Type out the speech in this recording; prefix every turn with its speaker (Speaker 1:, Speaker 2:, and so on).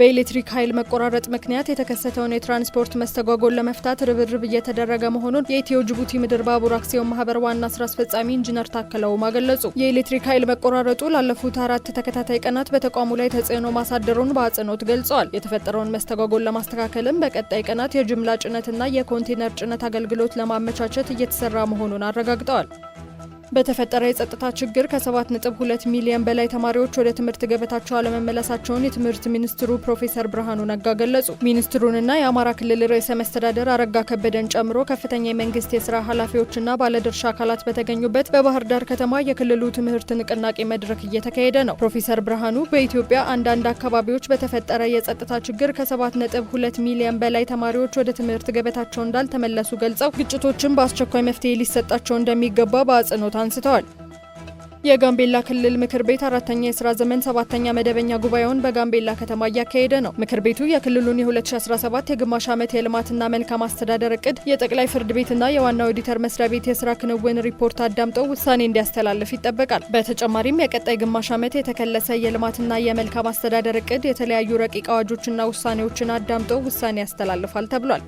Speaker 1: በኤሌክትሪክ ኃይል መቆራረጥ ምክንያት የተከሰተውን የትራንስፖርት መስተጓጎል ለመፍታት ርብርብ እየተደረገ መሆኑን የኢትዮ ጅቡቲ ምድር ባቡር አክሲዮን ማህበር ዋና ስራ አስፈጻሚ ኢንጂነር ታከለ ኡማ ገለጹ። የኤሌክትሪክ ኃይል መቆራረጡ ላለፉት አራት ተከታታይ ቀናት በተቋሙ ላይ ተጽዕኖ ማሳደሩን በአጽንኦት ገልጸዋል። የተፈጠረውን መስተጓጎል ለማስተካከልም በቀጣይ ቀናት የጅምላ ጭነትና የኮንቴነር ጭነት አገልግሎት ለማመቻቸት እየተሰራ መሆኑን አረጋግጠዋል። በተፈጠረ የጸጥታ ችግር ከ7.2 ሚሊዮን በላይ ተማሪዎች ወደ ትምህርት ገበታቸው አለመመለሳቸውን የትምህርት ሚኒስትሩ ፕሮፌሰር ብርሃኑ ነጋ ገለጹ። ሚኒስትሩንና የአማራ ክልል ርዕሰ መስተዳደር አረጋ ከበደን ጨምሮ ከፍተኛ የመንግስት የስራ ኃላፊዎችና ባለድርሻ አካላት በተገኙበት በባህር ዳር ከተማ የክልሉ ትምህርት ንቅናቄ መድረክ እየተካሄደ ነው። ፕሮፌሰር ብርሃኑ በኢትዮጵያ አንዳንድ አካባቢዎች በተፈጠረ የጸጥታ ችግር ከ7.2 ሚሊዮን በላይ ተማሪዎች ወደ ትምህርት ገበታቸው እንዳልተመለሱ ገልጸው ግጭቶችን በአስቸኳይ መፍትሄ ሊሰጣቸው እንደሚገባ በአጽንኦት አንስተዋል። የጋምቤላ ክልል ምክር ቤት አራተኛ የስራ ዘመን ሰባተኛ መደበኛ ጉባኤውን በጋምቤላ ከተማ እያካሄደ ነው። ምክር ቤቱ የክልሉን የ2017 የግማሽ ዓመት የልማትና መልካም አስተዳደር እቅድ፣ የጠቅላይ ፍርድ ቤትና የዋና ኦዲተር መስሪያ ቤት የስራ ክንውን ሪፖርት አዳምጦ ውሳኔ እንዲያስተላልፍ ይጠበቃል። በተጨማሪም የቀጣይ ግማሽ ዓመት የተከለሰ የልማትና የመልካም አስተዳደር እቅድ፣ የተለያዩ ረቂቅ አዋጆችና ውሳኔዎችን አዳምጦ ውሳኔ ያስተላልፋል ተብሏል።